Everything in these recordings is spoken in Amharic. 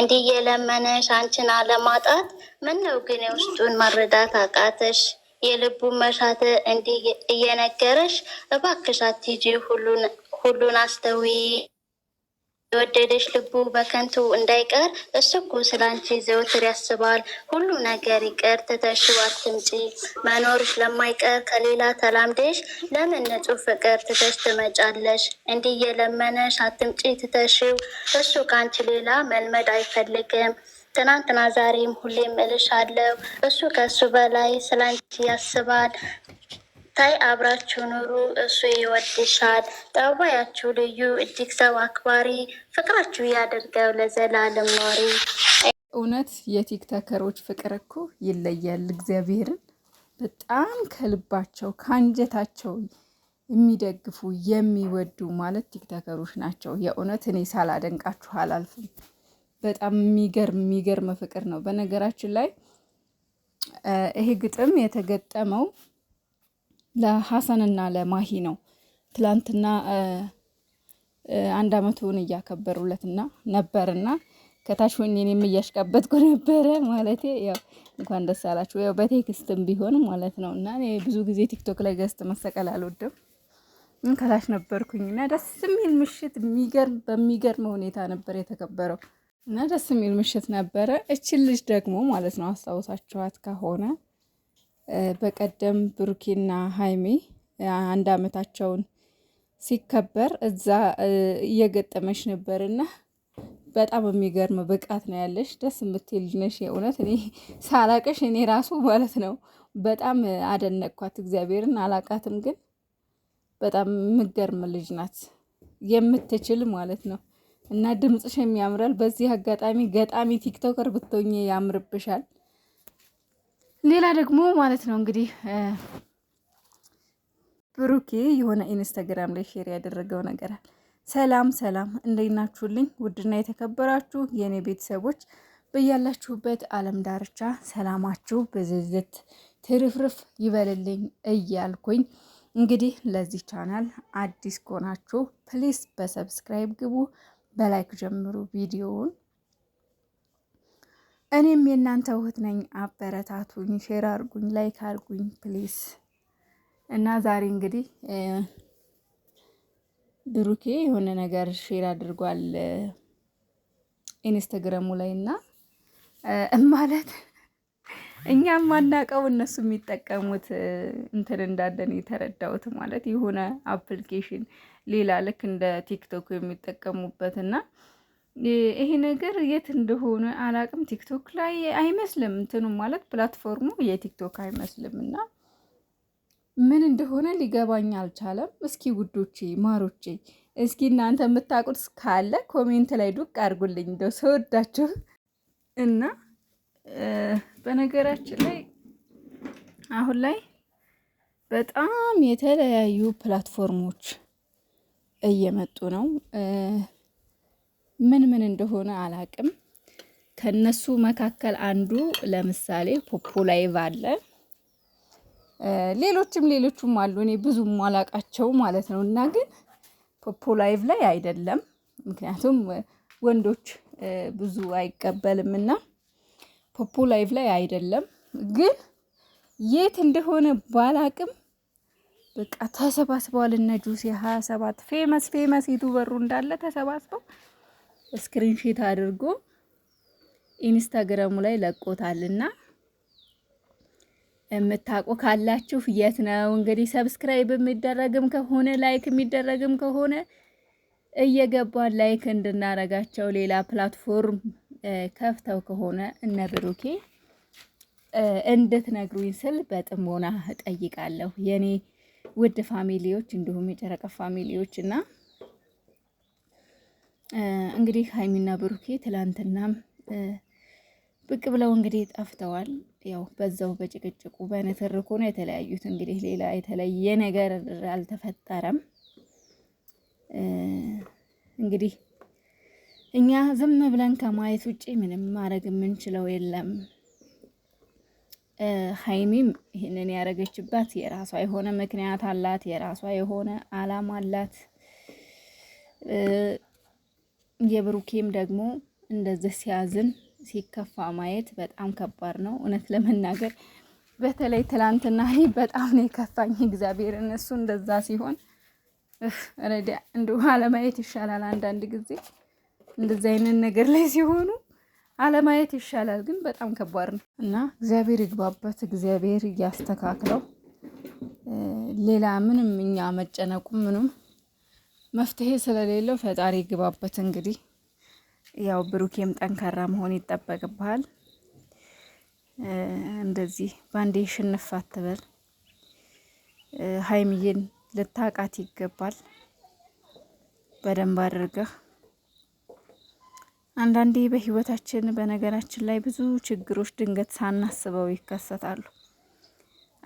እንዲህ የለመነሽ አንቺን አለማጣት ምን ነው ግን የውስጡን መረዳት አቃተሽ? የልቡን መሻት እንዲህ እየነገረሽ እባክሽ አትሂጂ ሁሉን አስተውይ የወደደች ልቡ በከንቱ እንዳይቀር እሱ እኮ ስላንቺ ዘውትር ያስባል። ሁሉ ነገር ይቅር ትተሽው አትምጪ መኖርሽ ለማይቀር ከሌላ ተላምደሽ ለምን ንጹሕ ፍቅር ትተሽ ትመጫለሽ? እንዲህ አትምጪ ትተሽው እሱ ከአንቺ ሌላ መልመድ አይፈልግም። ትናንትና ዛሬም ሁሌም እልሽ አለው እሱ ከሱ በላይ ስላንቺ ያስባል። ታይ አብራችሁ ኑሩ፣ እሱ ይወድሻል። ጠባያችሁ ልዩ፣ እጅግ ሰው አክባሪ፣ ፍቅራችሁ ያደርገው ለዘላለም ኖሪ። እውነት የቲክቶከሮች ፍቅር እኮ ይለያል። እግዚአብሔርን በጣም ከልባቸው ከአንጀታቸው የሚደግፉ የሚወዱ ማለት ቲክቶከሮች ናቸው። የእውነት እኔ ሳላደንቃችሁ አላልፍም። በጣም የሚገርም የሚገርም ፍቅር ነው። በነገራችን ላይ ይሄ ግጥም የተገጠመው ለሀሰንና ለማሂ ነው። ትላንትና አንድ አመቱን እያከበሩለትና ነበርና ከታች ወኔን እኔም ነበረ። ማለት ያው እንኳን ደስ አላችሁ፣ ያው በቴክስትም ቢሆን ማለት ነው። እና እኔ ብዙ ጊዜ ቲክቶክ ላይ ገዝት መሰቀል አልወድም፣ ከታች ነበርኩኝ እና ደስ የሚል ምሽት የሚገርም በሚገርም ሁኔታ ነበር የተከበረው እና ደስ የሚል ምሽት ነበረ። እችን ልጅ ደግሞ ማለት ነው አስታውሳችኋት ከሆነ በቀደም ብሩኬና ሀይሜ አንድ ዓመታቸውን ሲከበር እዛ እየገጠመች ነበር እና በጣም የሚገርም ብቃት ነው ያለሽ። ደስ የምትል ነሽ። የእውነት እኔ ሳላቀሽ እኔ ራሱ ማለት ነው በጣም አደነቅኳት። እግዚአብሔርን አላቃትም፣ ግን በጣም የምትገርም ልጅ ናት፣ የምትችል ማለት ነው። እና ድምፅሽም ያምራል። በዚህ አጋጣሚ ገጣሚ ቲክቶከር ብትሆኚ ያምርብሻል። ሌላ ደግሞ ማለት ነው እንግዲህ ብሩኬ የሆነ ኢንስታግራም ላይ ሼር ያደረገው ነገር አለ። ሰላም ሰላም፣ እንደናችሁልኝ ውድና የተከበራችሁ የእኔ ቤተሰቦች በያላችሁበት ዓለም ዳርቻ ሰላማችሁ ብዝዝት ትርፍርፍ ይበልልኝ እያልኩኝ እንግዲህ ለዚህ ቻናል አዲስ ከሆናችሁ ፕሊስ በሰብስክራይብ ግቡ፣ በላይክ ጀምሩ ቪዲዮውን እኔም የእናንተ እህት ነኝ። አበረታቱኝ፣ ሼር አርጉኝ፣ ላይክ አርጉኝ ፕሊስ። እና ዛሬ እንግዲህ ብሩኬ የሆነ ነገር ሼር አድርጓል ኢንስታግራሙ ላይ እና ማለት እኛም ማናቀው እነሱ የሚጠቀሙት እንትን እንዳለን የተረዳሁት ማለት የሆነ አፕሊኬሽን ሌላ ልክ እንደ ቲክቶክ የሚጠቀሙበት እና ይሄ ነገር የት እንደሆነ አላቅም። ቲክቶክ ላይ አይመስልም እንትኑ ማለት ፕላትፎርሙ የቲክቶክ አይመስልም እና ምን እንደሆነ ሊገባኝ አልቻለም። እስኪ ውዶቼ ማሮቼ፣ እስኪ እናንተ የምታውቁት ካለ ኮሜንት ላይ ዱቅ አድርጉልኝ እንደው ሰወዳችሁ እና በነገራችን ላይ አሁን ላይ በጣም የተለያዩ ፕላትፎርሞች እየመጡ ነው። ምን ምን እንደሆነ አላቅም። ከነሱ መካከል አንዱ ለምሳሌ ፖፖ ላይቭ አለ፣ ሌሎችም ሌሎቹም አሉ። እኔ ብዙም አላቃቸው ማለት ነው። እና ግን ፖፖ ላይቭ ላይ አይደለም፣ ምክንያቱም ወንዶች ብዙ አይቀበልም እና ፖፖ ላይቭ ላይ አይደለም። ግን የት እንደሆነ ባላቅም በቃ ተሰባስበዋል። እነ ጁሴ ሀያ ሰባት ፌመስ ፌመስ በሩ እንዳለ ተሰባስበው ስክሪንሺት አድርጎ ኢንስታግራሙ ላይ ለቆታልና የምታውቁ ካላችሁ የት ነው እንግዲህ ሰብስክራይብ የሚደረግም ከሆነ ላይክ የሚደረግም ከሆነ እየገባን ላይክ እንድናረጋቸው ሌላ ፕላትፎርም ከፍተው ከሆነ እነ ብሩኬ እንድትነግሩኝ ስል በጥሞና እጠይቃለሁ። የኔ ውድ ፋሚሊዎች እንዲሁም የጨረቀ ፋሚሊዎች እና እንግዲህ ሀይሚና ብሩኬ ትላንትና ብቅ ብለው እንግዲህ ጠፍተዋል። ያው በዛው በጭቅጭቁ በንትርኩ ነው የተለያዩት። እንግዲህ ሌላ የተለየ ነገር አልተፈጠረም። እንግዲህ እኛ ዝም ብለን ከማየት ውጭ ምንም ማድረግ የምንችለው የለም። ሀይሚም ይህንን ያደረገችባት የራሷ የሆነ ምክንያት አላት፣ የራሷ የሆነ አላማ አላት። የብሩኬም ደግሞ እንደዚህ ሲያዝን ሲከፋ ማየት በጣም ከባድ ነው እውነት ለመናገር በተለይ ትላንትና እኔ በጣም ነው የከፋኝ እግዚአብሔር እነሱ እንደዛ ሲሆን ረዳ እንዲሁ አለማየት ይሻላል አንዳንድ ጊዜ እንደዚ አይነት ነገር ላይ ሲሆኑ አለማየት ይሻላል ግን በጣም ከባድ ነው እና እግዚአብሔር ይግባበት እግዚአብሔር እያስተካክለው ሌላ ምንም እኛ መጨነቁም ምንም መፍትሄ ስለሌለው ፈጣሪ ግባበት። እንግዲህ ያው ብሩኬም ጠንካራ መሆን ይጠበቅብሃል። እንደዚህ ባንዴ ሽንፍ አትበል። ሀይሚዬን ልታቃት ይገባል በደንብ አድርገህ። አንዳንዴ በህይወታችን በነገራችን ላይ ብዙ ችግሮች ድንገት ሳናስበው ይከሰታሉ።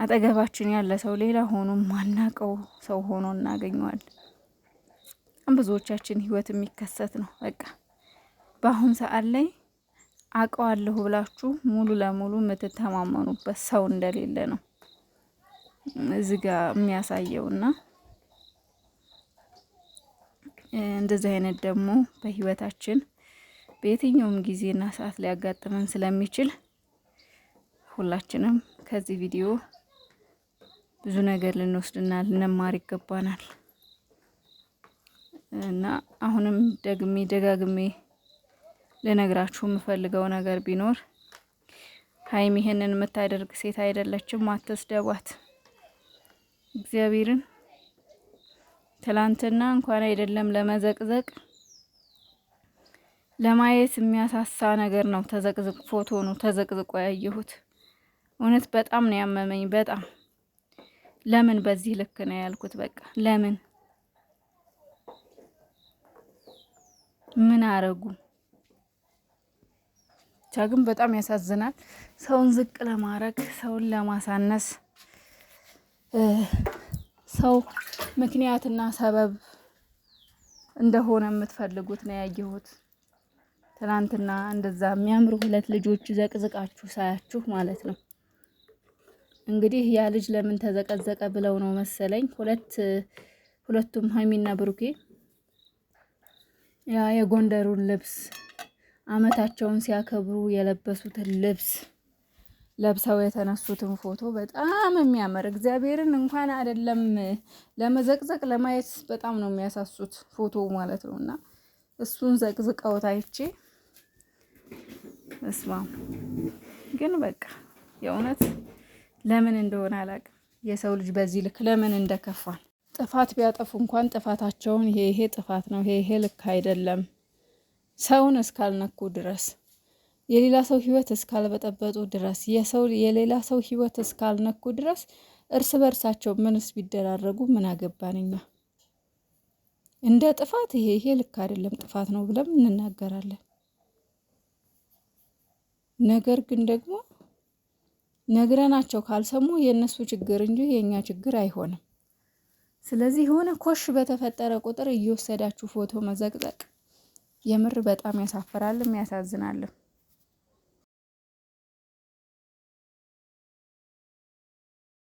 አጠገባችን ያለ ሰው ሌላ ሆኖ ማናቀው ሰው ሆኖ እናገኘዋለን። ብዙዎቻችን ህይወት የሚከሰት ነው። በቃ በአሁን ሰዓት ላይ አውቀዋለሁ ብላችሁ ሙሉ ለሙሉ የምትተማመኑበት ሰው እንደሌለ ነው እዚህ ጋር የሚያሳየውና እንደዚህ አይነት ደግሞ በህይወታችን በየትኛውም ጊዜና ሰዓት ሊያጋጥመን ስለሚችል ሁላችንም ከዚህ ቪዲዮ ብዙ ነገር ልንወስድና ልንማር ይገባናል። እና አሁንም ደግሜ ደጋግሜ ልነግራችሁ የምፈልገው ነገር ቢኖር ሀይም ይህንን የምታደርግ ሴት አይደለችም። አትስደቧት። እግዚአብሔርን ትላንትና እንኳን አይደለም ለመዘቅዘቅ ለማየት የሚያሳሳ ነገር ነው። ተዘቅዝቅ ፎቶ ነው ተዘቅዝቆ ያየሁት። እውነት በጣም ነው ያመመኝ። በጣም ለምን በዚህ ልክ ነው ያልኩት። በቃ ለምን ምን አረጉ? ብቻ ግን በጣም ያሳዝናል። ሰውን ዝቅ ለማድረግ ሰውን ለማሳነስ ሰው ምክንያትና ሰበብ እንደሆነ የምትፈልጉት ነው ያየሁት። ትናንትና እንደዛ የሚያምሩ ሁለት ልጆች ዘቅዝቃችሁ ሳያችሁ ማለት ነው። እንግዲህ ያ ልጅ ለምን ተዘቀዘቀ ብለው ነው መሰለኝ ሁለት ሁለቱም ሀይሚና ብሩኬ ያ የጎንደሩን ልብስ አመታቸውን ሲያከብሩ የለበሱትን ልብስ ለብሰው የተነሱትን ፎቶ በጣም የሚያምር እግዚአብሔርን እንኳን አይደለም ለመዘቅዘቅ ለማየት በጣም ነው የሚያሳሱት ፎቶ ማለት ነው። እና እሱን ዘቅዝቀውት አይቼ እስማ ግን በቃ የእውነት ለምን እንደሆነ አላውቅም። የሰው ልጅ በዚህ ልክ ለምን እንደከፋል ጥፋት ቢያጠፉ እንኳን ጥፋታቸውን ይሄ ይሄ ጥፋት ነው፣ ይሄ ይሄ ልክ አይደለም፣ ሰውን እስካልነኩ ድረስ የሌላ ሰው ህይወት እስካልበጠበጡ ድረስ የሰው የሌላ ሰው ህይወት እስካልነኩ ድረስ እርስ በርሳቸው ምንስ ቢደራረጉ ምን አገባን እኛ። እንደ ጥፋት ይሄ ይሄ ልክ አይደለም ጥፋት ነው ብለን እንናገራለን። ነገር ግን ደግሞ ነግረናቸው ካልሰሙ የእነሱ ችግር እንጂ የእኛ ችግር አይሆንም። ስለዚህ የሆነ ኮሽ በተፈጠረ ቁጥር እየወሰዳችሁ ፎቶ መዘቅዘቅ የምር በጣም ያሳፍራልም ያሳዝናልም።